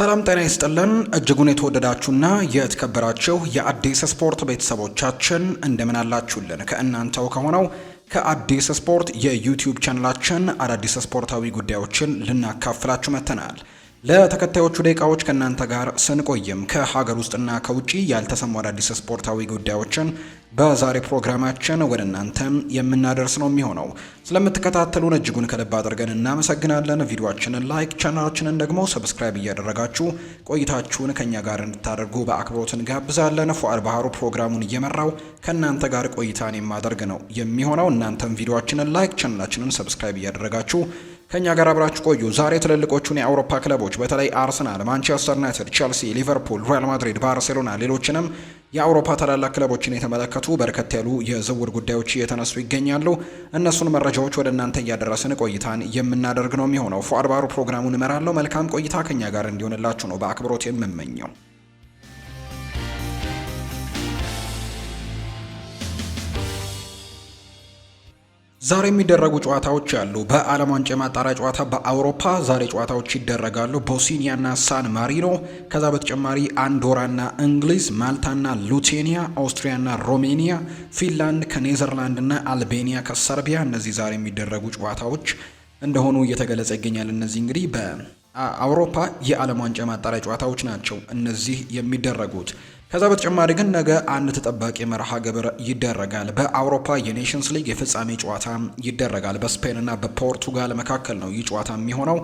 ሰላም ጤና ይስጥልን እጅጉን የተወደዳችሁና የተከበራችሁ የአዲስ ስፖርት ቤተሰቦቻችን እንደምን አላችሁልን? ከእናንተው ከሆነው ከአዲስ ስፖርት የዩቲዩብ ቻናላችን አዳዲስ ስፖርታዊ ጉዳዮችን ልናካፍላችሁ መጥተናል። ለተከታዮቹ ደቂቃዎች ከእናንተ ጋር ስንቆይም ከሀገር ውስጥና ከውጭ ያልተሰሙ አዳዲስ ስፖርታዊ ጉዳዮችን በዛሬ ፕሮግራማችን ወደ እናንተም የምናደርስ ነው የሚሆነው። ስለምትከታተሉን እጅጉን ከልብ አድርገን እናመሰግናለን። ቪዲዮችንን ላይክ፣ ቻናላችንን ደግሞ ሰብስክራይብ እያደረጋችሁ ቆይታችሁን ከእኛ ጋር እንድታደርጉ በአክብሮት እንጋብዛለን። ፏል ባህሩ ፕሮግራሙን እየመራው ከእናንተ ጋር ቆይታን የማደርግ ነው የሚሆነው። እናንተም ቪዲዮችንን ላይክ፣ ቻናላችንን ሰብስክራይብ እያደረጋችሁ ከኛ ጋር አብራችሁ ቆዩ። ዛሬ ትልልቆቹን የአውሮፓ ክለቦች በተለይ አርሰናል፣ ማንቸስተር ዩናይትድ፣ ቸልሲ፣ ሊቨርፑል፣ ሪያል ማድሪድ፣ ባርሴሎና ሌሎችንም የአውሮፓ ታላላቅ ክለቦችን የተመለከቱ በርከት ያሉ የዝውውር ጉዳዮች እየተነሱ ይገኛሉ። እነሱን መረጃዎች ወደ እናንተ እያደረስን ቆይታን የምናደርግ ነው የሚሆነው። ፎአድባሩ ፕሮግራሙን እመራለሁ። መልካም ቆይታ ከኛ ጋር እንዲሆንላችሁ ነው በአክብሮት የምመኘው። ዛሬ የሚደረጉ ጨዋታዎች አሉ። በዓለም ዋንጫ የማጣሪያ ጨዋታ በአውሮፓ ዛሬ ጨዋታዎች ይደረጋሉ። ቦስኒያና ሳን ማሪኖ፣ ከዛ በተጨማሪ አንዶራና እንግሊዝ፣ ማልታና ሉቴኒያ፣ አውስትሪያና ሮሜኒያ፣ ፊንላንድ ከኔዘርላንድና አልቤኒያ ከሰርቢያ እነዚህ ዛሬ የሚደረጉ ጨዋታዎች እንደሆኑ እየተገለጸ ይገኛል። እነዚህ እንግዲህ በአውሮፓ የዓለም ዋንጫ የማጣሪያ ጨዋታዎች ናቸው እነዚህ የሚደረጉት። ከዛ በተጨማሪ ግን ነገ አንድ ተጠባቂ መርሃ ግብር ይደረጋል። በአውሮፓ የኔሽንስ ሊግ የፍጻሜ ጨዋታ ይደረጋል። በስፔንና በፖርቱጋል መካከል ነው ይህ ጨዋታ የሚሆነው።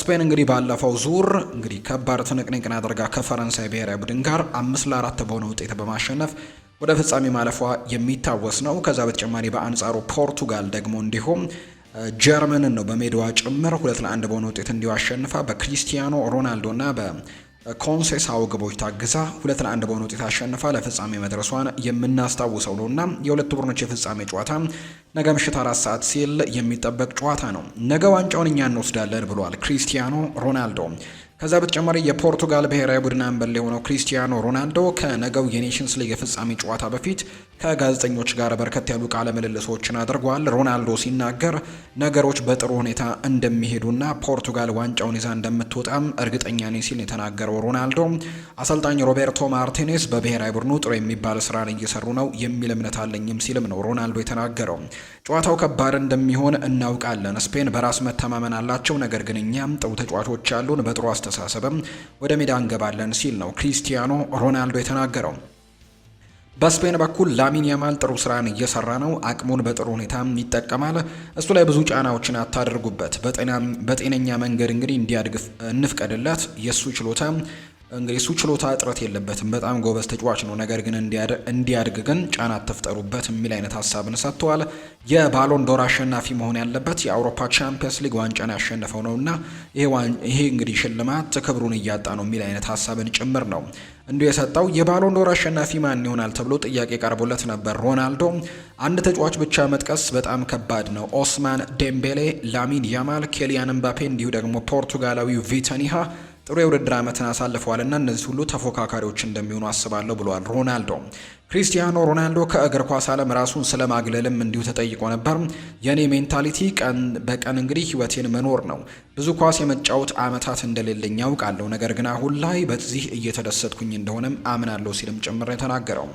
ስፔን እንግዲህ ባለፈው ዙር እንግዲህ ከባድ ትንቅንቅን አድርጋ ከፈረንሳይ ብሔራዊ ቡድን ጋር አምስት ለአራት በሆነ ውጤት በማሸነፍ ወደ ፍጻሜ ማለፏ የሚታወስ ነው። ከዛ በተጨማሪ በአንጻሩ ፖርቱጋል ደግሞ እንዲሁም ጀርመንን ነው በሜዳዋ ጭምር ሁለት ለአንድ በሆነ ውጤት እንዲሁ አሸንፋ በክሪስቲያኖ ሮናልዶና በ ኮንሴስ ግቦች ታግዛ ሁለት ለአንድ በሆነ ውጤት አሸንፋ ለፍጻሜ መድረሷን የምናስታውሰው ነው እና የሁለቱ ቡድኖች የፍጻሜ ጨዋታ ነገ ምሽት አራት ሰዓት ሲል የሚጠበቅ ጨዋታ ነው። ነገ ዋንጫውን እኛ እንወስዳለን ብሏል ክሪስቲያኖ ሮናልዶ። ከዛ በተጨማሪ የፖርቱጋል ብሔራዊ ቡድን አምበል የሆነው ክሪስቲያኖ ሮናልዶ ከነገው የኔሽንስ ሊግ የፍጻሜ ጨዋታ በፊት ከጋዜጠኞች ጋር በርከት ያሉ ቃለ ምልልሶችን አድርጓል። ሮናልዶ ሲናገር ነገሮች በጥሩ ሁኔታ እንደሚሄዱና ፖርቱጋል ዋንጫውን ይዛ እንደምትወጣም እርግጠኛ ነኝ ሲል የተናገረው ሮናልዶ አሰልጣኝ ሮቤርቶ ማርቲኔስ በብሔራዊ ቡድኑ ጥሩ የሚባል ስራን እየሰሩ ነው የሚል እምነት አለኝም ሲልም ነው ሮናልዶ የተናገረው። ጨዋታው ከባድ እንደሚሆን እናውቃለን። ስፔን በራስ መተማመን አላቸው፣ ነገር ግን እኛም ጥሩ ተጫዋቾች ያሉን፣ በጥሩ አስተሳሰብም ወደ ሜዳ እንገባለን ሲል ነው ክሪስቲያኖ ሮናልዶ የተናገረው። በስፔን በኩል ላሚን ያማል ጥሩ ስራን እየሰራ ነው። አቅሙን በጥሩ ሁኔታ ይጠቀማል። እሱ ላይ ብዙ ጫናዎችን አታደርጉበት። በጤነኛ መንገድ እንግዲህ እንዲያድግ እንፍቀድለት። የእሱ ችሎታ እንግዲህ እሱ ችሎታ እጥረት የለበትም፣ በጣም ጎበዝ ተጫዋች ነው። ነገር ግን እንዲያድግ ግን ጫና አትፍጠሩበት የሚል አይነት ሀሳብን ሰጥተዋል። የባሎን ዶር አሸናፊ መሆን ያለበት የአውሮፓ ቻምፒየንስ ሊግ ዋንጫን ያሸነፈው እና ይሄ እንግዲህ ሽልማት ክብሩን እያጣ ነው የሚል አይነት ሀሳብን ጭምር ነው እንዲሁ የሰጠው የባሎን ዶር አሸናፊ ማን ይሆናል ተብሎ ጥያቄ ቀርቦለት ነበር። ሮናልዶ አንድ ተጫዋች ብቻ መጥቀስ በጣም ከባድ ነው። ኦስማን ዴምቤሌ፣ ላሚን ያማል፣ ኬሊያን ምባፔ እንዲሁ ደግሞ ፖርቱጋላዊው ቪተኒሃ ጥሩ የውድድር ዓመትን ና እነዚህ ሁሉ ተፎካካሪዎች እንደሚሆኑ አስባለሁ ብለዋል ሮናልዶ። ክሪስቲያኖ ሮናልዶ ከእግር ኳስ ዓለም ራሱን ስለ ማግለልም እንዲሁ ተጠይቆ ነበር። የእኔ ሜንታሊቲ ቀን በቀን እንግዲህ ህይወቴን መኖር ነው። ብዙ ኳስ የመጫወት ዓመታት እንደሌለኝ ያውቃለሁ፣ ነገር ግን አሁን ላይ በዚህ እየተደሰትኩኝ እንደሆነም አምናለሁ ሲልም ጭምር የተናገረው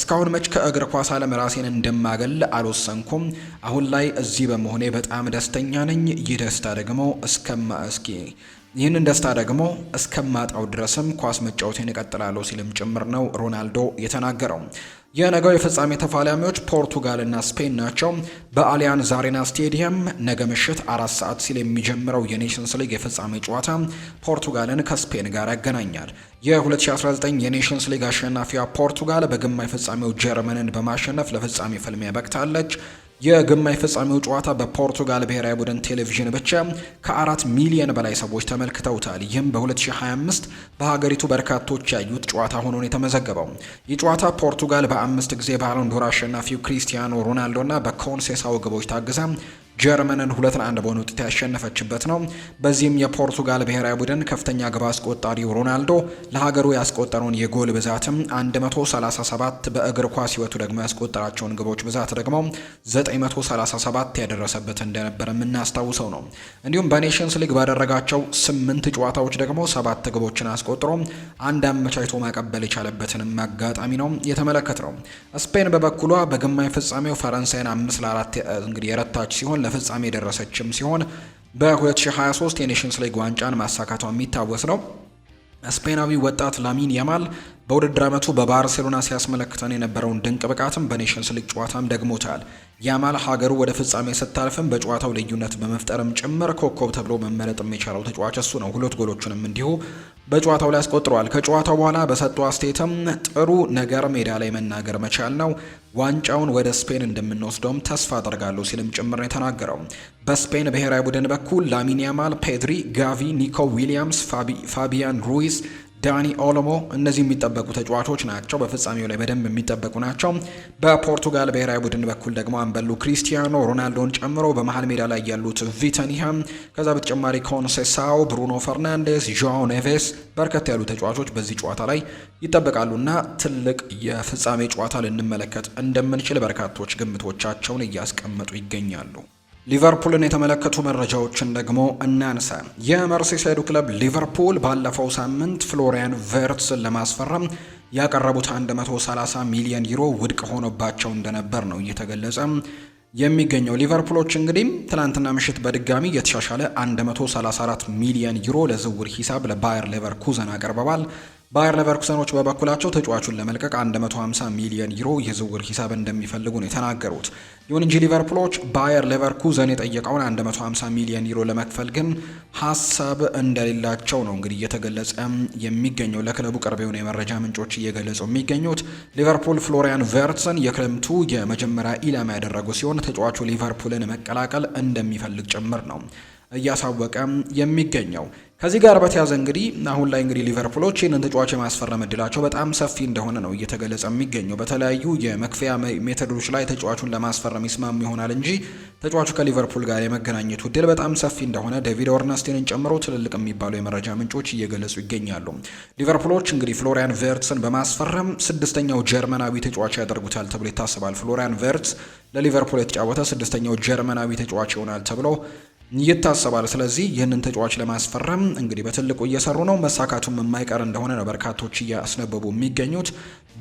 እስካሁን መች ከእግር ኳስ ዓለም ራሴን እንደማገል አልወሰንኩም። አሁን ላይ እዚህ በመሆኔ በጣም ደስተኛ ነኝ። ይህ ደስታ ደግሞ እስከማ እስኪ ይህንን ደስታ ደግሞ እስከማጣው ድረስም ኳስ መጫወቴን እቀጥላለሁ ሲልም ጭምር ነው ሮናልዶ የተናገረው። የነገው የፍጻሜ ተፋላሚዎች ፖርቱጋልና ስፔን ናቸው። በአሊያን ዛሬና ስቴዲየም ነገ ምሽት አራት ሰዓት ሲል የሚጀምረው የኔሽንስ ሊግ የፍጻሜ ጨዋታ ፖርቱጋልን ከስፔን ጋር ያገናኛል። የ2019 የኔሽንስ ሊግ አሸናፊዋ ፖርቱጋል በግማሽ ፍጻሜው ጀርመንን በማሸነፍ ለፍጻሜ ፍልሚያ በቅታለች። የግማሽ ፍጻሜው ጨዋታ በፖርቱጋል ብሔራዊ ቡድን ቴሌቪዥን ብቻ ከአራት ሚሊዮን በላይ ሰዎች ተመልክተውታል። ይህም በ2025 በሀገሪቱ በርካቶች ያዩት ጨዋታ ሆኖን የተመዘገበው። ይህ ጨዋታ ፖርቱጋል በአምስት ጊዜ ባሎንዶር አሸናፊው ክሪስቲያኖ ሮናልዶና በኮንሴሳው ግቦች ታግዛ ጀርመንን ሁለት ለአንድ በሆነ ውጤት ያሸነፈችበት ነው። በዚህም የፖርቱጋል ብሔራዊ ቡድን ከፍተኛ ግብ አስቆጣሪው ሮናልዶ ለሀገሩ ያስቆጠረውን የጎል ብዛትም 137 በእግር ኳስ ህይወቱ ደግሞ ያስቆጠራቸውን ግቦች ብዛት ደግሞ 937 ያደረሰበት እንደነበር የምናስታውሰው ነው። እንዲሁም በኔሽንስ ሊግ ባደረጋቸው ስምንት ጨዋታዎች ደግሞ ሰባት ግቦችን አስቆጥሮ አንድ አመቻችቶ ማቀበል የቻለበትንም አጋጣሚ ነው የተመለከት ነው። ስፔን በበኩሏ በግማሽ ፍጻሜው ፈረንሳይን አምስት ለአራት እንግዲህ የረታች ሲሆን ቡድን ለፍጻሜ የደረሰችም ሲሆን በ2023 የኔሽንስ ሊግ ዋንጫን ማሳካቷ የሚታወስ ነው። ስፔናዊ ወጣት ላሚን ያማል በውድድር ዓመቱ በባርሴሎና ሲያስመለክተን የነበረውን ድንቅ ብቃትም በኔሽንስ ሊግ ጨዋታም ደግሞታል። ያማል ሀገሩ ወደ ፍጻሜ ስታልፍም በጨዋታው ልዩነት በመፍጠርም ጭምር ኮከብ ተብሎ መመረጥ የሚቻለው ተጫዋች እሱ ነው። ሁለት ጎሎቹንም እንዲሁ በጨዋታው ላይ አስቆጥረዋል። ከጨዋታው በኋላ በሰጡ አስተያየትም ጥሩ ነገር ሜዳ ላይ መናገር መቻል ነው። ዋንጫውን ወደ ስፔን እንደምንወስደውም ተስፋ አደርጋለሁ ሲልም ጭምር ነው የተናገረው። በስፔን ብሔራዊ ቡድን በኩል ላሚን ያማል፣ ፔድሪ፣ ጋቪ፣ ኒኮ ዊሊያምስ፣ ፋቢያን ሩይስ ዳኒ ኦሎሞ እነዚህ የሚጠበቁ ተጫዋቾች ናቸው። በፍጻሜው ላይ በደንብ የሚጠበቁ ናቸው። በፖርቱጋል ብሔራዊ ቡድን በኩል ደግሞ አንበሉ ክሪስቲያኖ ሮናልዶን ጨምሮ በመሀል ሜዳ ላይ ያሉት ቪተኒሃም፣ ከዛ በተጨማሪ ኮንሴሳው፣ ብሩኖ ፈርናንዴስ፣ ዣኦ ኔቬስ በርከት ያሉ ተጫዋቾች በዚህ ጨዋታ ላይ ይጠበቃሉና ትልቅ የፍጻሜ ጨዋታ ልንመለከት እንደምንችል በርካቶች ግምቶቻቸውን እያስቀመጡ ይገኛሉ። ሊቨርፑልን የተመለከቱ መረጃዎችን ደግሞ እናንሳ። የመርሲሳይዱ ክለብ ሊቨርፑል ባለፈው ሳምንት ፍሎሪያን ቨርትስን ለማስፈረም ያቀረቡት 130 ሚሊዮን ዩሮ ውድቅ ሆኖባቸው እንደነበር ነው እየተገለጸ የሚገኘው። ሊቨርፑሎች እንግዲህ ትናንትና ምሽት በድጋሚ የተሻሻለ 134 ሚሊዮን ዩሮ ለዝውውር ሂሳብ ለባየር ሌቨርኩዘን አቅርበዋል። ባየር ለቨርኩሰኖች በበኩላቸው ተጫዋቹን ለመልቀቅ 150 ሚሊዮን ዩሮ የዝውውር ሂሳብ እንደሚፈልጉ ነው የተናገሩት። ይሁን እንጂ ሊቨርፑሎች ባየር ሌቨርኩዘን የጠየቀውን 150 ሚሊዮን ዩሮ ለመክፈል ግን ሀሳብ እንደሌላቸው ነው እንግዲህ እየተገለጸ የሚገኘው። ለክለቡ ቅርብ የሆነ የመረጃ ምንጮች እየገለጹ የሚገኙት ሊቨርፑል ፍሎሪያን ቨርትሰን የክረምቱ የመጀመሪያ ኢላማ ያደረጉ ሲሆን ተጫዋቹ ሊቨርፑልን መቀላቀል እንደሚፈልግ ጭምር ነው እያሳወቀ የሚገኘው ከዚህ ጋር በተያዘ እንግዲህ አሁን ላይ እንግዲህ ሊቨርፑሎች ይህንን ተጫዋች የማስፈረም እድላቸው በጣም ሰፊ እንደሆነ ነው እየተገለጸ የሚገኘው። በተለያዩ የመክፈያ ሜቶዶች ላይ ተጫዋቹን ለማስፈረም ይስማም ይሆናል እንጂ ተጫዋቹ ከሊቨርፑል ጋር የመገናኘቱ እድል በጣም ሰፊ እንደሆነ ዴቪድ ኦርነስቲንን ጨምሮ ትልልቅ የሚባሉ የመረጃ ምንጮች እየገለጹ ይገኛሉ። ሊቨርፑሎች እንግዲህ ፍሎሪያን ቨርትስን በማስፈረም ስድስተኛው ጀርመናዊ ተጫዋች ያደርጉታል ተብሎ ይታሰባል። ፍሎሪያን ቨርትስ ለሊቨርፑል የተጫወተ ስድስተኛው ጀርመናዊ ተጫዋች ይሆናል ተብሎ ይታሰባል። ስለዚህ ይህንን ተጫዋች ለማስፈረም እንግዲህ በትልቁ እየሰሩ ነው። መሳካቱም የማይቀር እንደሆነ ነው በርካቶች እያስነበቡ የሚገኙት።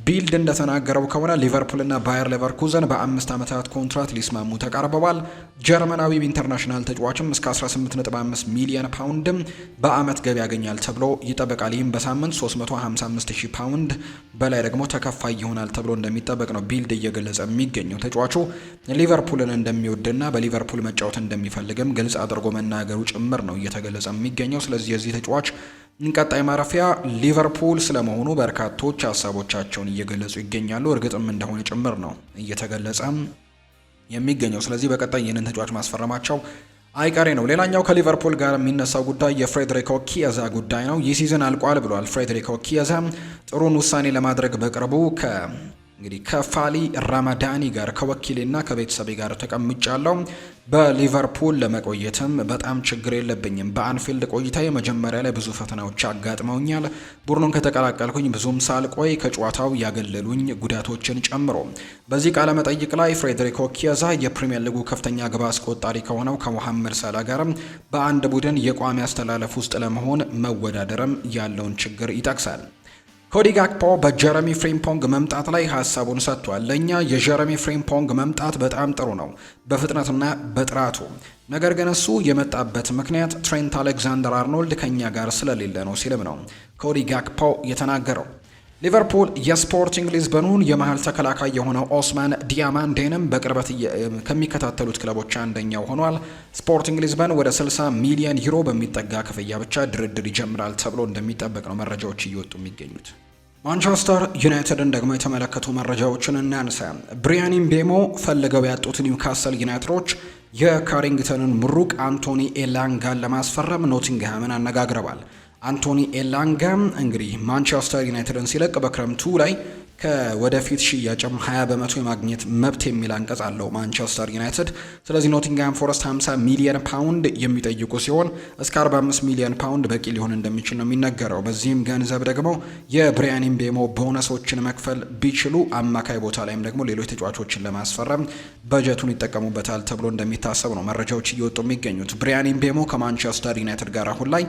ቢልድ እንደተናገረው ከሆነ ሊቨርፑልና ባየር ሌቨርኩዘን በአምስት ዓመታት ኮንትራት ሊስማሙ ተቃርበዋል። ጀርመናዊው ኢንተርናሽናል ተጫዋችም እስከ 18.5 ሚሊዮን ፓውንድም በአመት ገቢ ያገኛል ተብሎ ይጠበቃል። ይህም በሳምንት 355000 ፓውንድ በላይ ደግሞ ተከፋይ ይሆናል ተብሎ እንደሚጠበቅ ነው ቢልድ እየገለጸ የሚገኘው። ተጫዋቹ ሊቨርፑልን እንደሚወድና በሊቨርፑል መጫወት እንደሚፈልግም ግልጽ አድርጎ መናገሩ ጭምር ነው እየተገለጸ የሚገኘው። ስለዚህ የዚህ ተጫዋች ቀጣይ ማረፊያ ሊቨርፑል ስለመሆኑ በርካቶች ሀሳቦቻቸውን እየገለጹ ይገኛሉ። እርግጥም እንደሆነ ጭምር ነው እየተገለጸ የሚገኘው። ስለዚህ በቀጣይ ይህንን ተጫዋች ማስፈረማቸው አይቀሬ ነው። ሌላኛው ከሊቨርፑል ጋር የሚነሳው ጉዳይ የፍሬድሪኮ ኪየዛ ጉዳይ ነው። ይህ ሲዝን አልቋል ብሏል ፍሬድሪኮ ኪየዛ ጥሩን ውሳኔ ለማድረግ በቅርቡ ከ እንግዲህ ከፋሊ ራማዳኒ ጋር ከወኪሌና ከቤተሰቤ ጋር ተቀምጫለው። በሊቨርፑል ለመቆየትም በጣም ችግር የለብኝም። በአንፊልድ ቆይታ የመጀመሪያ ላይ ብዙ ፈተናዎች አጋጥመውኛል። ቡድኑን ከተቀላቀልኩኝ ብዙም ሳልቆይ ከጨዋታው ያገለሉኝ ጉዳቶችን ጨምሮ በዚህ ቃለ መጠይቅ ላይ ፍሬድሪኮ ኪያዛ የፕሪምየር ሊጉ ከፍተኛ ግብ አስቆጣሪ ከሆነው ከሞሐመድ ሳላ ጋር በአንድ ቡድን የቋሚ አስተላለፍ ውስጥ ለመሆን መወዳደርም ያለውን ችግር ይጠቅሳል። ኮዲ ጋክፖ በጀረሚ ፍሪምፖንግ መምጣት ላይ ሀሳቡን ሰጥቷል። ለእኛ የጀረሚ ፍሪምፖንግ መምጣት በጣም ጥሩ ነው በፍጥነትና በጥራቱ ነገር ግን እሱ የመጣበት ምክንያት ትሬንት አሌክዛንደር አርኖልድ ከኛ ጋር ስለሌለ ነው ሲልም ነው ኮዲ ጋክፖ የተናገረው። ሊቨርፑል የስፖርቲንግ ሊዝበኑን የመሀል ተከላካይ የሆነው ኦስማን ዲያማንዴንም በቅርበት ከሚከታተሉት ክለቦች አንደኛው ሆኗል። ስፖርቲንግ ሊዝበን ወደ 60 ሚሊዮን ዩሮ በሚጠጋ ክፍያ ብቻ ድርድር ይጀምራል ተብሎ እንደሚጠበቅ ነው መረጃዎች እየወጡ የሚገኙት። ማንቸስተር ዩናይትድን ደግሞ የተመለከቱ መረጃዎችን እናንሳ። ብሪያን ቤሞ ፈልገው ያጡት ኒውካስል ዩናይትዶች የካሪንግተንን ምሩቅ አንቶኒ ኤላንጋን ለማስፈረም ኖቲንግሃምን አነጋግረዋል። አንቶኒ ኤላንጋ እንግዲህ ማንቸስተር ዩናይትድን ሲለቅ በክረምቱ ላይ ከወደፊት ሽያጭም 20 በመቶ የማግኘት መብት የሚል አንቀጽ አለው ማንቸስተር ዩናይትድ። ስለዚህ ኖቲንግሃም ፎረስት 50 ሚሊየን ፓውንድ የሚጠይቁ ሲሆን እስከ 45 ሚሊየን ፓውንድ በቂ ሊሆን እንደሚችል ነው የሚነገረው። በዚህም ገንዘብ ደግሞ የብሪያን ምቤሞ ቦነሶችን መክፈል ቢችሉ አማካይ ቦታ ላይም ደግሞ ሌሎች ተጫዋቾችን ለማስፈረም በጀቱን ይጠቀሙበታል ተብሎ እንደሚታሰብ ነው መረጃዎች እየወጡ የሚገኙት። ብሪያን ቤሞ ከማንቸስተር ዩናይትድ ጋር አሁን ላይ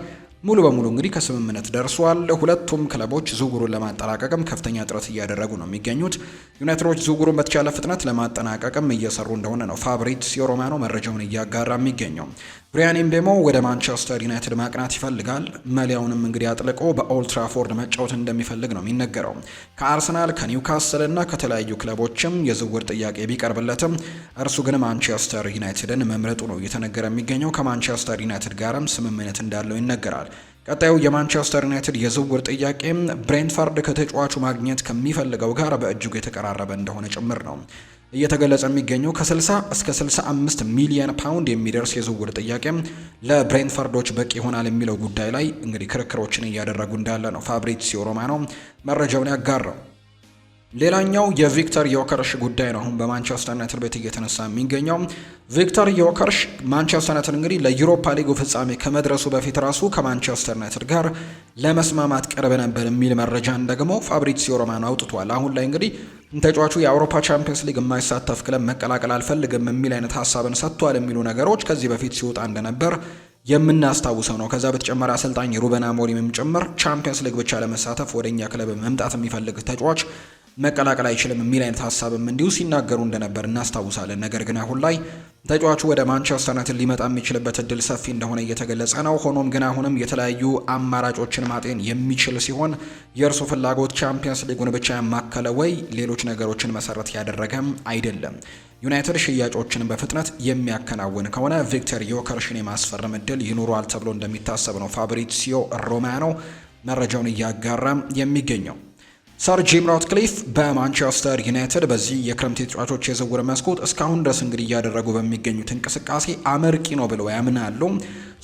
ሙሉ በሙሉ እንግዲህ ከስምምነት ደርሷል። ሁለቱም ክለቦች ዝውውሩን ለማጠናቀቅም ከፍተኛ ጥረት እያደረጉ ነው የሚገኙት። ዩናይትዶች ዝውውሩን በተቻለ ፍጥነት ለማጠናቀቅም እየሰሩ እንደሆነ ነው ፋብሪዚዮ ሮማኖ መረጃውን እያጋራ የሚገኘው። ብሪያኒም ደግሞ ወደ ማንቸስተር ዩናይትድ ማቅናት ይፈልጋል። መለያውንም እንግዲህ አጥልቆ በኦልትራፎርድ መጫወት እንደሚፈልግ ነው የሚነገረው። ከአርሰናል ከኒውካስል እና ከተለያዩ ክለቦችም የዝውውር ጥያቄ ቢቀርብለትም እርሱ ግን ማንቸስተር ዩናይትድን መምረጡ ነው እየተነገረ የሚገኘው። ከማንቸስተር ዩናይትድ ጋርም ስምምነት እንዳለው ይነገራል። ቀጣዩ የማንቸስተር ዩናይትድ የዝውውር ጥያቄ ብሬንትፈርድ ከተጫዋቹ ማግኘት ከሚፈልገው ጋር በእጅጉ የተቀራረበ እንደሆነ ጭምር ነው እየተገለጸ የሚገኘው ከ60 እስከ 65 ሚሊየን ፓውንድ የሚደርስ የዝውውር ጥያቄ ለብሬንፈርዶች በቂ ይሆናል የሚለው ጉዳይ ላይ እንግዲህ ክርክሮችን እያደረጉ እንዳለ ነው ፋብሪዚዮ ሮማኖ መረጃውን ያጋራው። ሌላኛው የቪክተር ዮከርሽ ጉዳይ ነው። አሁን በማንቸስተር ዩናይትድ ቤት እየተነሳ የሚገኘው ቪክተር ዮከርሽ ማንቸስተር ዩናይትድ እንግዲህ ለዩሮፓ ሊጉ ፍጻሜ ከመድረሱ በፊት ራሱ ከማንቸስተር ዩናይትድ ጋር ለመስማማት ቅርብ ነበር የሚል መረጃን ደግሞ ፋብሪሲዮ ሮማኖ አውጥቷል። አሁን ላይ እንግዲህ ተጫዋቹ የአውሮፓ ቻምፒየንስ ሊግ የማይሳተፍ ክለብ መቀላቀል አልፈልግም የሚል አይነት ሀሳብን ሰጥቷል የሚሉ ነገሮች ከዚህ በፊት ሲወጣ እንደነበር የምናስታውሰው ነው። ከዛ በተጨማሪ አሰልጣኝ ሩበን አሞሪምም ጭምር ቻምፒየንስ ሊግ ብቻ ለመሳተፍ ወደኛ ክለብ መምጣት የሚፈልግ ተጫዋች መቀላቀል አይችልም የሚል አይነት ሀሳብም እንዲሁ ሲናገሩ እንደነበር እናስታውሳለን። ነገር ግን አሁን ላይ ተጫዋቹ ወደ ማንቸስተር ዩናይትድ ሊመጣ የሚችልበት እድል ሰፊ እንደሆነ እየተገለጸ ነው። ሆኖም ግን አሁንም የተለያዩ አማራጮችን ማጤን የሚችል ሲሆን የእርሱ ፍላጎት ቻምፒየንስ ሊጉን ብቻ ያማከለ ወይ ሌሎች ነገሮችን መሰረት ያደረገም አይደለም። ዩናይትድ ሽያጮችን በፍጥነት የሚያከናውን ከሆነ ቪክተር ዮከርሽን የማስፈረም እድል ይኖረዋል ተብሎ እንደሚታሰብ ነው ፋብሪሲዮ ሮማኖ መረጃውን እያጋራ የሚገኘው። ሰር ጂም ራትክሊፍ በማንቸስተር ዩናይትድ በዚህ የክረምት ተጫዋቾች የዝውውር መስኮት እስካሁን ድረስ እንግዲህ እያደረጉ በሚገኙት እንቅስቃሴ አመርቂ ነው ብለው ያምናሉ።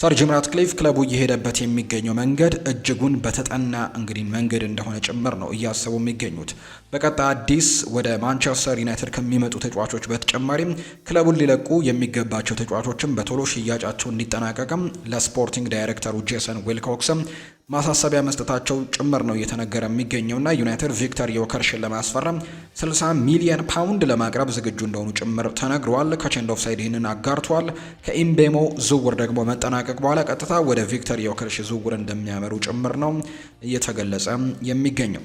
ሰር ጂም ራትክሊፍ ክለቡ እየሄደበት የሚገኘው መንገድ እጅጉን በተጠና እንግዲህ መንገድ እንደሆነ ጭምር ነው እያሰቡ የሚገኙት። በቀጣይ አዲስ ወደ ማንቸስተር ዩናይትድ ከሚመጡ ተጫዋቾች በተጨማሪም ክለቡን ሊለቁ የሚገባቸው ተጫዋቾችም በቶሎ ሽያጫቸው እንዲጠናቀቅም ለስፖርቲንግ ዳይሬክተሩ ጄሰን ዊልኮክስም ማሳሰቢያ መስጠታቸው ጭምር ነው እየተነገረ የሚገኘውና ዩናይትድ ቪክተር ዮከርሽን ለማስፈረም 60 ሚሊየን ፓውንድ ለማቅረብ ዝግጁ እንደሆኑ ጭምር ተነግሯል። ከቼንድ ኦፍ ሳይድ ይህንን አጋርቷል። ከኢምቤሞ ዝውውር ደግሞ መጠናቀቅ በኋላ ቀጥታ ወደ ቪክተር ዮከርሽ ዝውውር እንደሚያመሩ ጭምር ነው እየተገለጸ የሚገኘው።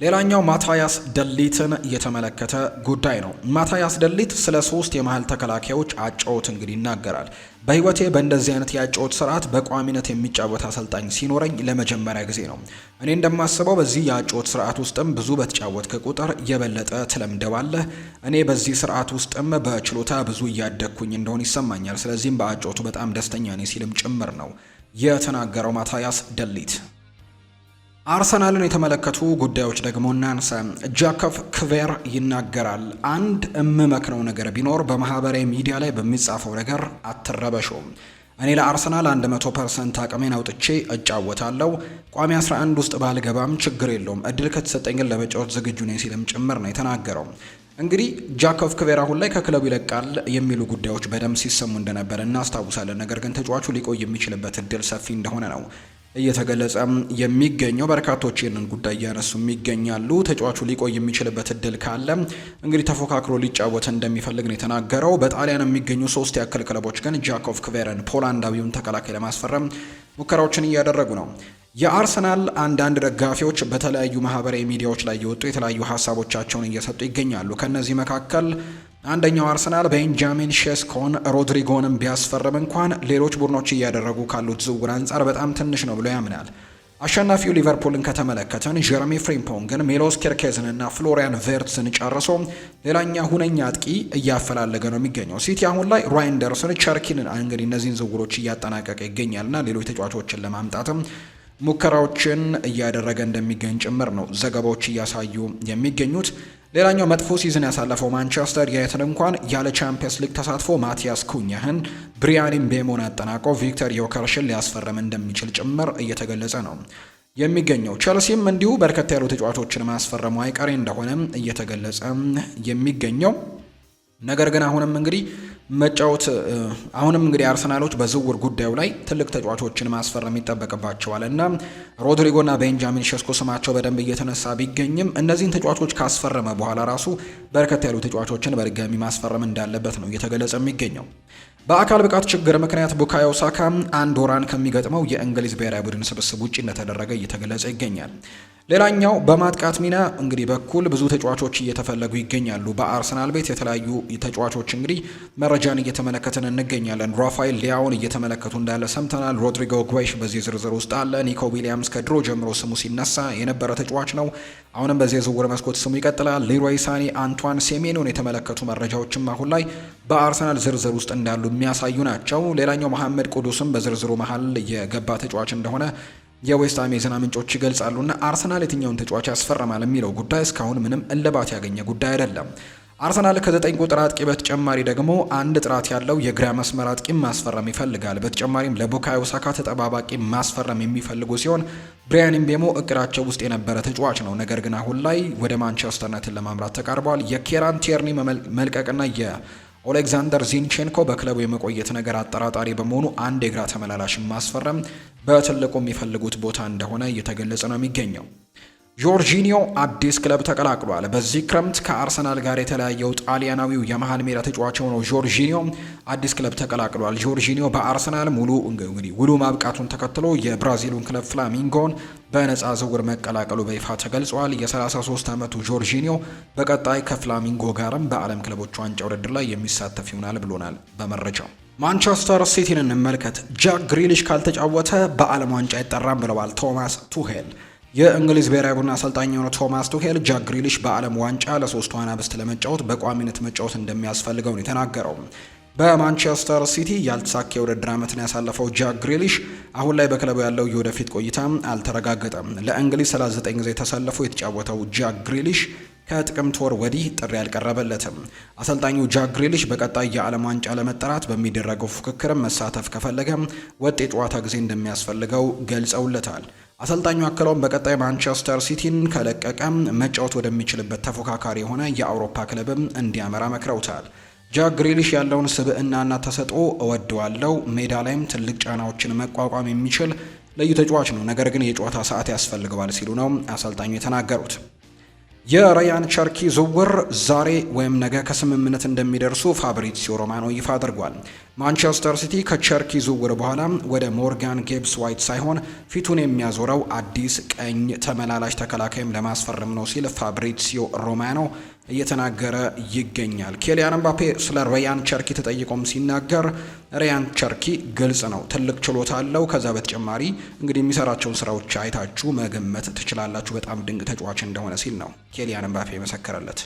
ሌላኛው ማታያስ ደሊትን እየተመለከተ ጉዳይ ነው። ማታያስ ደሊት ስለ ሶስት የመሀል ተከላካዮች አጫወት እንግዲህ ይናገራል። በህይወቴ በእንደዚህ አይነት የአጫወት ስርዓት በቋሚነት የሚጫወት አሰልጣኝ ሲኖረኝ ለመጀመሪያ ጊዜ ነው። እኔ እንደማስበው በዚህ የአጫወት ስርዓት ውስጥም ብዙ በተጫወትክ ቁጥር የበለጠ ትለምደባለህ። እኔ በዚህ ስርዓት ውስጥም በችሎታ ብዙ እያደግኩኝ እንደሆን ይሰማኛል። ስለዚህም በአጫወቱ በጣም ደስተኛ ነኝ ሲልም ጭምር ነው የተናገረው ማታያስ ደሊት። አርሰናልን የተመለከቱ ጉዳዮች ደግሞ እናንሰ ጃኮቭ ክቬር ይናገራል። አንድ እምመክነው ነገር ቢኖር በማህበራዊ ሚዲያ ላይ በሚጻፈው ነገር አትረበሹም። እኔ ለአርሰናል 100 ፐርሰንት አቅሜን አውጥቼ እጫወታለሁ። ቋሚ 11 ውስጥ ባልገባም ችግር የለውም። እድል ከተሰጠኝ ግን ለመጫወት ዝግጁ ነኝ ሲልም ጭምር ነው የተናገረው። እንግዲህ ጃኮቭ ክቬር አሁን ላይ ከክለቡ ይለቃል የሚሉ ጉዳዮች በደንብ ሲሰሙ እንደነበረ እናስታውሳለን። ነገር ግን ተጫዋቹ ሊቆይ የሚችልበት እድል ሰፊ እንደሆነ ነው እየተገለጸ የሚገኘው በርካቶች ይህንን ጉዳይ እያነሱ ይገኛሉ። ተጫዋቹ ሊቆይ የሚችልበት እድል ካለ እንግዲህ ተፎካክሮ ሊጫወት እንደሚፈልግ ነው የተናገረው። በጣሊያን የሚገኙ ሶስት ያክል ክለቦች ግን ጃኮቭ ክቬረን ፖላንዳዊውን ተከላካይ ለማስፈረም ሙከራዎችን እያደረጉ ነው። የአርሰናል አንዳንድ ደጋፊዎች በተለያዩ ማህበራዊ ሚዲያዎች ላይ የወጡ የተለያዩ ሀሳቦቻቸውን እየሰጡ ይገኛሉ። ከእነዚህ መካከል አንደኛው አርሰናል ቤንጃሚን ሼስኮን ሮድሪጎንም ቢያስፈርም እንኳን ሌሎች ቡድኖች እያደረጉ ካሉት ዝውውር አንጻር በጣም ትንሽ ነው ብሎ ያምናል። አሸናፊው ሊቨርፑልን ከተመለከተን ጀረሚ ፍሪምፖንግን፣ ሚሎስ ኬርኬዝንና ፍሎሪያን ቬርትስን ጨርሶ ሌላኛ ሁነኛ አጥቂ እያፈላለገ ነው የሚገኘው። ሲቲ አሁን ላይ ራይንደርስን፣ ቸርኪንን እንግዲህ እነዚህን ዝውውሮች እያጠናቀቀ ይገኛልና ሌሎች ተጫዋቾችን ለማምጣትም ሙከራዎችን እያደረገ እንደሚገኝ ጭምር ነው ዘገባዎች እያሳዩ የሚገኙት። ሌላኛው መጥፎ ሲዝን ያሳለፈው ማንቸስተር ዩናይትድ እንኳን ያለ ቻምፒየንስ ሊግ ተሳትፎ ማቲያስ ኩኛህን፣ ብሪያኒን ቤሞን አጠናቆ ቪክተር ዮከርሽን ሊያስፈርም እንደሚችል ጭምር እየተገለጸ ነው የሚገኘው። ቸልሲም እንዲሁ በርከት ያሉ ተጫዋቾችን ማስፈረሙ አይቀሬ እንደሆነ እየተገለጸ የሚገኘው ነገር ግን አሁንም እንግዲህ መጫወት አሁንም እንግዲህ አርሰናሎች በዝውውር ጉዳዩ ላይ ትልቅ ተጫዋቾችን ማስፈረም ይጠበቅባቸዋል እና ሮድሪጎና ቤንጃሚን ሸስኮ ስማቸው በደንብ እየተነሳ ቢገኝም እነዚህን ተጫዋቾች ካስፈረመ በኋላ ራሱ በርከት ያሉ ተጫዋቾችን በድጋሚ ማስፈረም እንዳለበት ነው እየተገለጸ የሚገኘው። በአካል ብቃት ችግር ምክንያት ቡካዮ ሳካ አንድ ወራን ከሚገጥመው የእንግሊዝ ብሔራዊ ቡድን ስብስብ ውጭ እንደተደረገ እየተገለጸ ይገኛል። ሌላኛው በማጥቃት ሚና እንግዲህ በኩል ብዙ ተጫዋቾች እየተፈለጉ ይገኛሉ። በአርሰናል ቤት የተለያዩ ተጫዋቾች እንግዲህ መረጃን እየተመለከትን እንገኛለን። ራፋኤል ሊያውን እየተመለከቱ እንዳለ ሰምተናል። ሮድሪጎ ጓይሽ በዚህ ዝርዝር ውስጥ አለ። ኒኮ ዊሊያምስ ከድሮ ጀምሮ ስሙ ሲነሳ የነበረ ተጫዋች ነው። አሁንም በዚህ የዝውውር መስኮት ስሙ ይቀጥላል። ሌሮይ ሳኔ፣ አንቷን ሴሜኖን የተመለከቱ መረጃዎችም አሁን ላይ በአርሰናል ዝርዝር ውስጥ እንዳሉ የሚያሳዩ ናቸው። ሌላኛው መሐመድ ቁዱስም በዝርዝሩ መሀል የገባ ተጫዋች እንደሆነ የዌስትሃም የዜና ምንጮች ይገልጻሉና አርሰናል የትኛውን ተጫዋች ያስፈርማል የሚለው ጉዳይ እስካሁን ምንም እልባት ያገኘ ጉዳይ አይደለም። አርሰናል ከዘጠኝ ቁጥር አጥቂ በተጨማሪ ደግሞ አንድ ጥራት ያለው የግራ መስመር አጥቂ ማስፈረም ይፈልጋል። በተጨማሪም ለቡካዮ ሳካ ተጠባባቂ ማስፈረም የሚፈልጉ ሲሆን ብሪያን ምቤሞ እቅዳቸው ውስጥ የነበረ ተጫዋች ነው። ነገር ግን አሁን ላይ ወደ ማንቸስተር ዩናይትድ ለማምራት ተቃርበዋል። የኬራን ቲርኒ መልቀቅና ኦሌክዛንደር ዚንቼንኮ በክለቡ የመቆየት ነገር አጠራጣሪ በመሆኑ አንድ የግራ ተመላላሽ ማስፈረም በትልቁ የሚፈልጉት ቦታ እንደሆነ እየተገለጸ ነው የሚገኘው። ጆርጂኒዮ አዲስ ክለብ ተቀላቅሏል። በዚህ ክረምት ከአርሰናል ጋር የተለያየው ጣሊያናዊው የመሃል ሜዳ ተጫዋቸው ነው። ጆርጂኒዮ አዲስ ክለብ ተቀላቅሏል። ጆርጂኒዮ በአርሰናል ሙሉ እንግዲህ ውሉ ማብቃቱን ተከትሎ የብራዚሉን ክለብ ፍላሚንጎን በነፃ ዝውውር መቀላቀሉ በይፋ ተገልጿል። የ33 ዓመቱ ጆርጂኒዮ በቀጣይ ከፍላሚንጎ ጋርም በዓለም ክለቦች ዋንጫ ውድድር ላይ የሚሳተፍ ይሆናል ብሎናል በመረጃው። ማንቸስተር ሲቲን እንመልከት። ጃክ ግሪሊሽ ካልተጫወተ በዓለም ዋንጫ አይጠራም ብለዋል ቶማስ ቱሄል። የእንግሊዝ ብሔራዊ ቡና አሰልጣኝ የሆነው ቶማስ ቱሄል ጃክ ግሪሊሽ በዓለም ዋንጫ ለሶስቱ አናብስት ለመጫወት በቋሚነት መጫወት እንደሚያስፈልገው ነው የተናገረው። በማንቸስተር ሲቲ ያልተሳካ የውድድር ዓመትን ያሳለፈው ጃክ ግሪሊሽ አሁን ላይ በክለቡ ያለው የወደፊት ቆይታ አልተረጋገጠም። ለእንግሊዝ 39 ጊዜ ተሰልፎ የተጫወተው ጃክ ግሪሊሽ ከጥቅምት ወር ወዲህ ጥሪ አልቀረበለትም። አሰልጣኙ ጃክ ግሪሊሽ በቀጣይ የዓለም ዋንጫ ለመጠራት በሚደረገው ፉክክርም መሳተፍ ከፈለገ ወጥ የጨዋታ ጊዜ እንደሚያስፈልገው ገልጸውለታል። አሰልጣኙ አክለውም በቀጣይ ማንቸስተር ሲቲን ከለቀቀ መጫወት ወደሚችልበት ተፎካካሪ የሆነ የአውሮፓ ክለብም እንዲያመራ መክረውታል። ጃክ ግሪሊሽ ያለውን ስብዕናና ተሰጥኦ እወደዋለው። ሜዳ ላይም ትልቅ ጫናዎችን መቋቋም የሚችል ልዩ ተጫዋች ነው፣ ነገር ግን የጨዋታ ሰዓት ያስፈልገዋል ሲሉ ነው አሰልጣኙ የተናገሩት። የራያን ቸርኪ ዝውውር ዛሬ ወይም ነገ ከስምምነት እንደሚደርሱ ፋብሪዚዮ ሮማኖ ይፋ አድርጓል። ማንቸስተር ሲቲ ከቸርኪ ዝውውር በኋላ ወደ ሞርጋን ጌብስ ዋይት ሳይሆን ፊቱን የሚያዞረው አዲስ ቀኝ ተመላላሽ ተከላካይም ለማስፈረም ነው ሲል ፋብሪሲዮ ሮማኖ እየተናገረ ይገኛል። ኬሊያን ምባፔ ስለ ሪያን ቸርኪ ተጠይቆም ሲናገር ሪያን ቸርኪ ግልጽ ነው፣ ትልቅ ችሎታ አለው። ከዛ በተጨማሪ እንግዲህ የሚሰራቸውን ስራዎች አይታችሁ መገመት ትችላላችሁ። በጣም ድንቅ ተጫዋች እንደሆነ ሲል ነው ኬሊያን ምባፔ የመሰከረለት።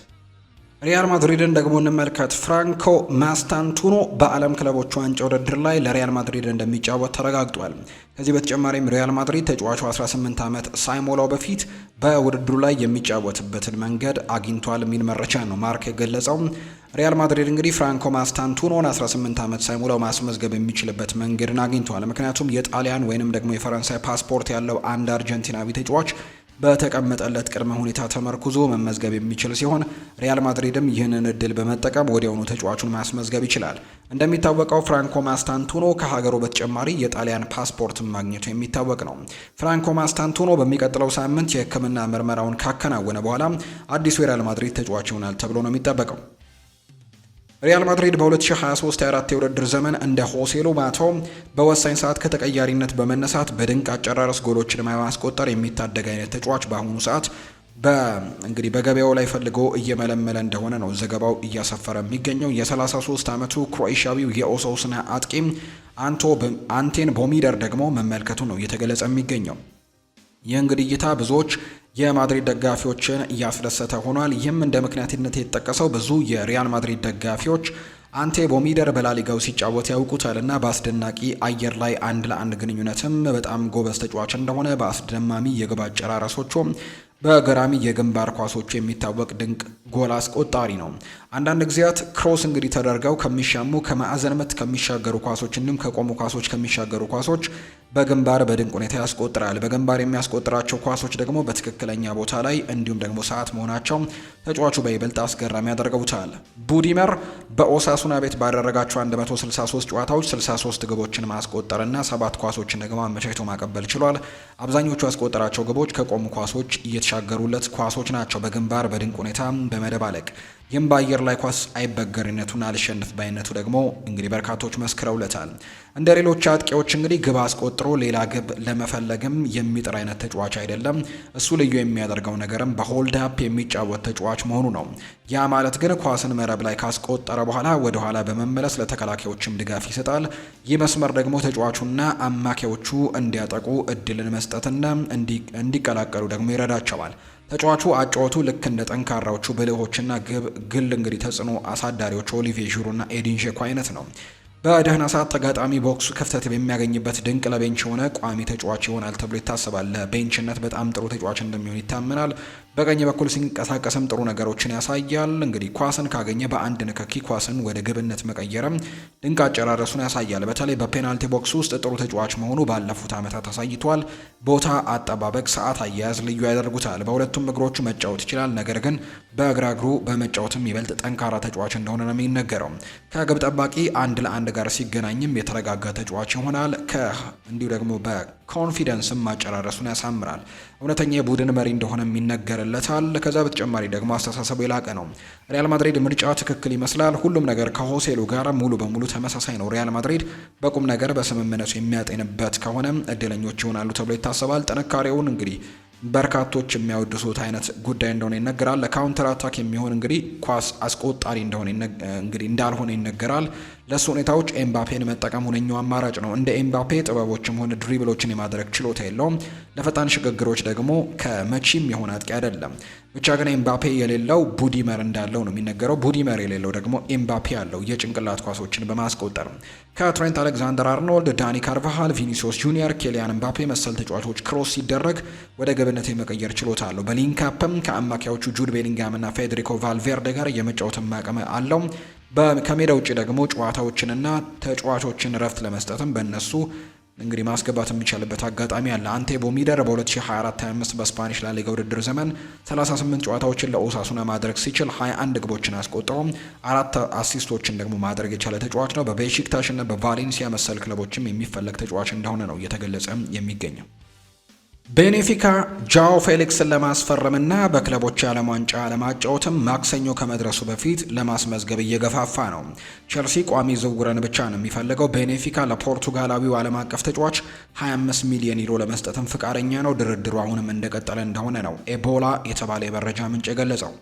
ሪያል ማድሪድን ደግሞ እንመልከት። ፍራንኮ ማስታንቱኖ በዓለም ክለቦች ዋንጫ ውድድር ላይ ለሪያል ማድሪድ እንደሚጫወት ተረጋግጧል። ከዚህ በተጨማሪም ሪያል ማድሪድ ተጫዋቹ 18 ዓመት ሳይሞላው በፊት በውድድሩ ላይ የሚጫወትበትን መንገድ አግኝቷል የሚል መረጃ ነው ማርክ የገለጸው። ሪያል ማድሪድ እንግዲህ ፍራንኮ ማስታንቱኖን 18 ዓመት ሳይሞላው ማስመዝገብ የሚችልበት መንገድን አግኝቷል። ምክንያቱም የጣሊያን ወይንም ደግሞ የፈረንሳይ ፓስፖርት ያለው አንድ አርጀንቲናዊ ተጫዋች በተቀመጠለት ቅድመ ሁኔታ ተመርኩዞ መመዝገብ የሚችል ሲሆን ሪያል ማድሪድም ይህንን እድል በመጠቀም ወዲያውኑ ተጫዋቹን ማስመዝገብ ይችላል። እንደሚታወቀው ፍራንኮ ማስታንቱኖ ከሀገሩ በተጨማሪ የጣሊያን ፓስፖርት ማግኘቱ የሚታወቅ ነው። ፍራንኮ ማስታንቱኖ በሚቀጥለው ሳምንት የሕክምና ምርመራውን ካከናወነ በኋላ አዲሱ የሪያል ማድሪድ ተጫዋች ይሆናል ተብሎ ነው የሚጠበቀው። ሪያል ማድሪድ በ2023/24 የውድድር ዘመን እንደ ሆሴሎ ማቶ በወሳኝ ሰዓት ከተቀያሪነት በመነሳት በድንቅ አጨራረስ ጎሎችን ማስቆጠር የሚታደግ አይነት ተጫዋች በአሁኑ ሰዓት በእንግዲህ በገበያው ላይ ፈልጎ እየመለመለ እንደሆነ ነው ዘገባው እያሰፈረ የሚገኘው። የ33 ዓመቱ ክሮኤሽያዊው የኦሶስና አጥቂ አንቴን ቦሚደር ደግሞ መመልከቱ ነው እየተገለጸ የሚገኘው። ይህ እንግዲህ እይታ ብዙዎች የማድሪድ ደጋፊዎችን እያስደሰተ ሆኗል። ይህም እንደ ምክንያትነት የተጠቀሰው ብዙ የሪያል ማድሪድ ደጋፊዎች አንቴ ቦሚደር በላሊጋው ሲጫወት ያውቁታል እና በአስደናቂ አየር ላይ አንድ ለአንድ ግንኙነትም በጣም ጎበዝ ተጫዋች እንደሆነ በአስደማሚ የግብ አጨራረሶቹ በገራሚ የግንባር ኳሶቹ የሚታወቅ ድንቅ ጎል አስቆጣሪ ነው። አንዳንድ ጊዜያት ክሮስ እንግዲህ ተደርገው ከሚሻሙ ከማዕዘን ምት ከሚሻገሩ ኳሶች እንዲሁም ከቆሙ ኳሶች ከሚሻገሩ ኳሶች በግንባር በድንቅ ሁኔታ ያስቆጥራል። በግንባር የሚያስቆጥራቸው ኳሶች ደግሞ በትክክለኛ ቦታ ላይ እንዲሁም ደግሞ ሰዓት መሆናቸው ተጫዋቹ በይበልጥ አስገራሚ ያደርገውታል። ቡዲመር በኦሳሱና ቤት ባደረጋቸው 163 ጨዋታዎች 63 ግቦችን ማስቆጠርና ሰባት ኳሶችን ደግሞ አመቻችቶ ማቀበል ችሏል። አብዛኞቹ ያስቆጠራቸው ግቦች ከቆሙ ኳሶች እየተሻገሩለት ኳሶች ናቸው። በግንባር በድንቅ ሁኔታ በመደባለቅ ይህም በአየር ላይ ኳስ አይበገሪነቱና አልሸንፍ ባይነቱ ደግሞ እንግዲህ በርካቶች መስክረውለታል። እንደ ሌሎች አጥቂዎች እንግዲህ ግብ አስቆጥሮ ሌላ ግብ ለመፈለግም የሚጥር አይነት ተጫዋች አይደለም። እሱ ልዩ የሚያደርገው ነገርም በሆልድ አፕ የሚጫወት ተጫዋች መሆኑ ነው። ያ ማለት ግን ኳስን መረብ ላይ ካስቆጠረ በኋላ ወደኋላ በመመለስ ለተከላካዮችም ድጋፍ ይሰጣል። ይህ መስመር ደግሞ ተጫዋቹና አማካዮቹ እንዲያጠቁ እድልን መስጠትና እንዲቀላቀሉ ደግሞ ይረዳቸዋል። ተጫዋቹ አጫወቱ ልክ እንደ ጠንካራዎቹ ብልሆችና ግል እንግዲህ ተጽዕኖ አሳዳሪዎች ኦሊቬ ዥሩና ኤዲን ሼኮ አይነት ነው። በደህና ሰዓት ተጋጣሚ ቦክሱ ክፍተት የሚያገኝበት ድንቅ ለቤንች የሆነ ቋሚ ተጫዋች ይሆናል ተብሎ ይታሰባል። ለቤንችነት በጣም ጥሩ ተጫዋች እንደሚሆን ይታመናል። በቀኝ በኩል ሲንቀሳቀስም ጥሩ ነገሮችን ያሳያል። እንግዲህ ኳስን ካገኘ በአንድ ንክኪ ኳስን ወደ ግብነት መቀየርም ድንቅ አጨራረሱን ያሳያል። በተለይ በፔናልቲ ቦክስ ውስጥ ጥሩ ተጫዋች መሆኑ ባለፉት ዓመታት አሳይቷል። ቦታ አጠባበቅ፣ ሰዓት አያያዝ ልዩ ያደርጉታል። በሁለቱም እግሮቹ መጫወት ይችላል። ነገር ግን በእግራ እግሩ በመጫወትም ይበልጥ ጠንካራ ተጫዋች እንደሆነ ነው የሚነገረው። ከግብ ጠባቂ አንድ ለአንድ ጋር ሲገናኝም የተረጋጋ ተጫዋች ይሆናል። እንዲሁ ደግሞ በ ኮንፊደንስም ማጨራረሱን ያሳምራል። እውነተኛ የቡድን መሪ እንደሆነ ይነገርለታል። ከዛ በተጨማሪ ደግሞ አስተሳሰቡ የላቀ ነው። ሪያል ማድሪድ ምርጫ ትክክል ይመስላል። ሁሉም ነገር ከሆሴሉ ጋር ሙሉ በሙሉ ተመሳሳይ ነው። ሪያል ማድሪድ በቁም ነገር በስምምነቱ የሚያጤንበት ከሆነ እድለኞች ይሆናሉ ተብሎ ይታሰባል። ጥንካሬውን እንግዲህ በርካቶች የሚያወድሱት አይነት ጉዳይ እንደሆነ ይነገራል። ለካውንተር አታክ የሚሆን እንግዲህ ኳስ አስቆጣሪ እንደሆነ እንግዲህ እንዳልሆነ ይነገራል። ለሱ ሁኔታዎች ኤምባፔን መጠቀም ሁነኛው አማራጭ ነው። እንደ ኤምባፔ ጥበቦችም ሆነ ድሪብሎችን የማድረግ ችሎታ የለውም። ለፈጣን ሽግግሮች ደግሞ ከመቺም የሆነ አጥቂ አይደለም። ብቻ ግን ኤምባፔ የሌለው ቡዲመር እንዳለው ነው የሚነገረው። ቡዲመር የሌለው ደግሞ ኤምባፔ አለው። የጭንቅላት ኳሶችን በማስቆጠር ከትሬንት አሌክዛንደር አርኖልድ፣ ዳኒ ካርቫሃል፣ ቪኒሲዮስ ጁኒየር፣ ኬሊያን ኤምባፔ መሰል ተጫዋቾች ክሮስ ሲደረግ ወደ ግብነት የመቀየር ችሎታ አለው። በሊንካፕም ከአማካዮቹ ጁድ ቤሊንጋምና ፌዴሪኮ ቫልቬርደ ጋር የመጫወት አቅም አለው። ከሜዳ ውጭ ደግሞ ጨዋታዎችንና ተጫዋቾችን ረፍት ለመስጠትም በእነሱ እንግዲህ ማስገባት የሚቻልበት አጋጣሚ አለ። አንቴቦ ሚደር በ2024/25 በስፓኒሽ ላሊጋ ውድድር ዘመን 38 ጨዋታዎችን ለኦሳሱና ማድረግ ሲችል 21 ግቦችን አስቆጥሮም አራት አሲስቶችን ደግሞ ማድረግ የቻለ ተጫዋች ነው። በቤሺክታሽና በቫሌንሲያ መሰል ክለቦችም የሚፈለግ ተጫዋች እንደሆነ ነው እየተገለጸ የሚገኘው። ቤኔፊካ ጃኦ ፌሊክስን ለማስፈረምና በክለቦች የዓለም ዋንጫ ለማጫወትም ማክሰኞ ከመድረሱ በፊት ለማስመዝገብ እየገፋፋ ነው። ቸልሲ ቋሚ ዝውውርን ብቻ ነው የሚፈልገው። ቤኔፊካ ለፖርቱጋላዊው ዓለም አቀፍ ተጫዋች 25 ሚሊዮን ዩሮ ለመስጠትም ፍቃደኛ ነው። ድርድሩ አሁንም እንደቀጠለ እንደሆነ ነው ኤቦላ የተባለ የመረጃ ምንጭ የገለጸው።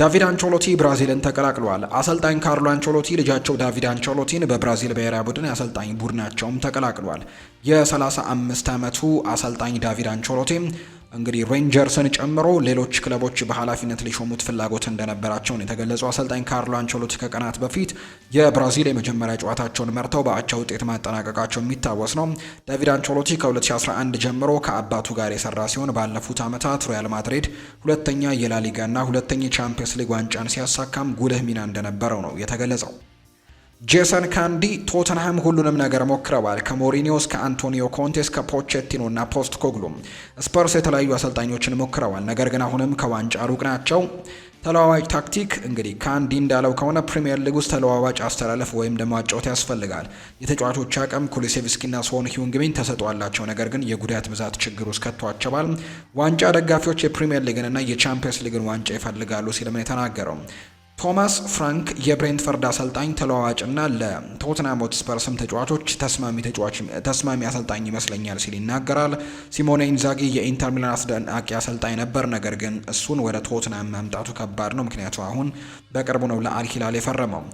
ዳቪድ አንቸሎቲ ብራዚልን ተቀላቅለዋል። አሰልጣኝ ካርሎ አንቸሎቲ ልጃቸው ዳቪድ አንቾሎቲን በብራዚል ብሔራዊ ቡድን የአሰልጣኝ ቡድናቸውም ተቀላቅሏል። የ35 ዓመቱ አሰልጣኝ ዳቪድ አንቸሎቲ እንግዲህ ሬንጀርስን ጨምሮ ሌሎች ክለቦች በኃላፊነት ሊሾሙት ፍላጎት እንደነበራቸውን የተገለጸው አሰልጣኝ ካርሎ አንቸሎቲ ከቀናት በፊት የብራዚል የመጀመሪያ ጨዋታቸውን መርተው በአቻ ውጤት ማጠናቀቃቸው የሚታወስ ነው። ዳቪድ አንቸሎቲ ከ2011 ጀምሮ ከአባቱ ጋር የሰራ ሲሆን ባለፉት ዓመታት ሪያል ማድሪድ ሁለተኛ የላሊጋና ሁለተኛ የቻምፒየንስ ሊግ ዋንጫን ሲያሳካም ጉልህ ሚና እንደነበረው ነው የተገለጸው። ጄሰን ካንዲ ቶተንሃም ሁሉንም ነገር ሞክረዋል። ከሞሪኒዮ እስከ አንቶኒዮ ኮንቴስ ከፖቼቲኖ እና ፖስት ኮግሉ ስፐርስ የተለያዩ አሰልጣኞችን ሞክረዋል። ነገር ግን አሁንም ከዋንጫ ሩቅ ናቸው። ተለዋዋጭ ታክቲክ እንግዲህ ካንዲ እንዳለው ከሆነ ፕሪምየር ሊግ ውስጥ ተለዋዋጭ አስተላለፍ ወይም ደግሞ አጫወት ያስፈልጋል። የተጫዋቾች አቅም ኩሊሴቭስኪና ሶን ሂዩንግሚን ተሰጧላቸው፣ ነገር ግን የጉዳት ብዛት ችግር ውስጥ ከቷቸዋል። ዋንጫ ደጋፊዎች የፕሪምየር ሊግንና የቻምፒየንስ ሊግን ዋንጫ ይፈልጋሉ ሲልም የተናገረው። ቶማስ ፍራንክ የብሬንትፈርድ አሰልጣኝ ተለዋዋጭና ለቶትናም ሆትስፐርስም ተጫዋቾች ተስማሚ ተጫዋች ተስማሚ አሰልጣኝ ይመስለኛል ሲል ይናገራል። ሲሞኔ ኢንዛጊ የኢንተር ሚላን አስደናቂ አሰልጣኝ ነበር፣ ነገር ግን እሱን ወደ ቶትናም መምጣቱ ከባድ ነው፣ ምክንያቱ አሁን በቅርቡ ነው ለአልሂላል የፈረመው።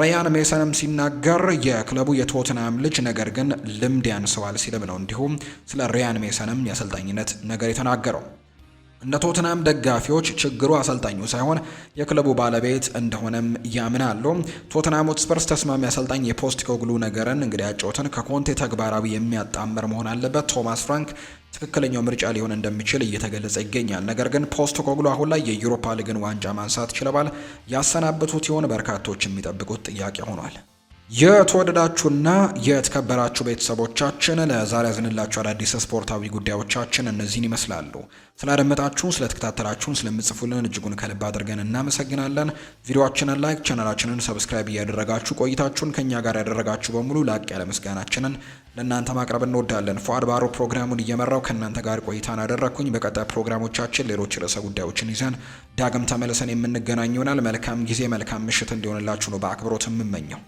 ራያን ሜሰንም ሲናገር የክለቡ የቶትናም ልጅ ነገር ግን ልምድ ያንሰዋል ሲልም ነው እንዲሁም ስለ ሪያን ሜሰንም የአሰልጣኝነት ነገር የተናገረው። እንደ ቶትናም ደጋፊዎች ችግሩ አሰልጣኙ ሳይሆን የክለቡ ባለቤት እንደሆነም ያምናሉ። ቶትናም ሆትስፐርስ ተስማሚ አሰልጣኝ የፖስቴኮግሉ ነገርን እንግዲህ ያጫወትን ከኮንቴ ተግባራዊ የሚያጣምር መሆን አለበት። ቶማስ ፍራንክ ትክክለኛው ምርጫ ሊሆን እንደሚችል እየተገለጸ ይገኛል። ነገር ግን ፖስቴኮግሉ አሁን ላይ የዩሮፓ ሊግን ዋንጫ ማንሳት ችለዋል። ያሰናበቱት ይሆን? በርካቶች የሚጠብቁት ጥያቄ ሆኗል። የተወደዳችሁና የተከበራችሁ ቤተሰቦቻችን ለዛሬ ያዝንላችሁ አዳዲስ ስፖርታዊ ጉዳዮቻችን እነዚህን ይመስላሉ። ስላደመጣችሁን፣ ስለተከታተላችሁን፣ ስለምጽፉልን እጅጉን ከልብ አድርገን እናመሰግናለን። ቪዲዮችንን ላይክ፣ ቻናላችንን ሰብስክራይብ እያደረጋችሁ ቆይታችሁን ከእኛ ጋር ያደረጋችሁ በሙሉ ላቅ ያለ ምስጋናችንን ለእናንተ ማቅረብ እንወዳለን። ፏድ ባሮ ፕሮግራሙን እየመራው ከእናንተ ጋር ቆይታን አደረግኩኝ። በቀጣይ ፕሮግራሞቻችን ሌሎች ርዕሰ ጉዳዮችን ይዘን ዳግም ተመልሰን የምንገናኝ ይሆናል። መልካም ጊዜ፣ መልካም ምሽት እንዲሆንላችሁ ነው በአክብሮት የምመኘው።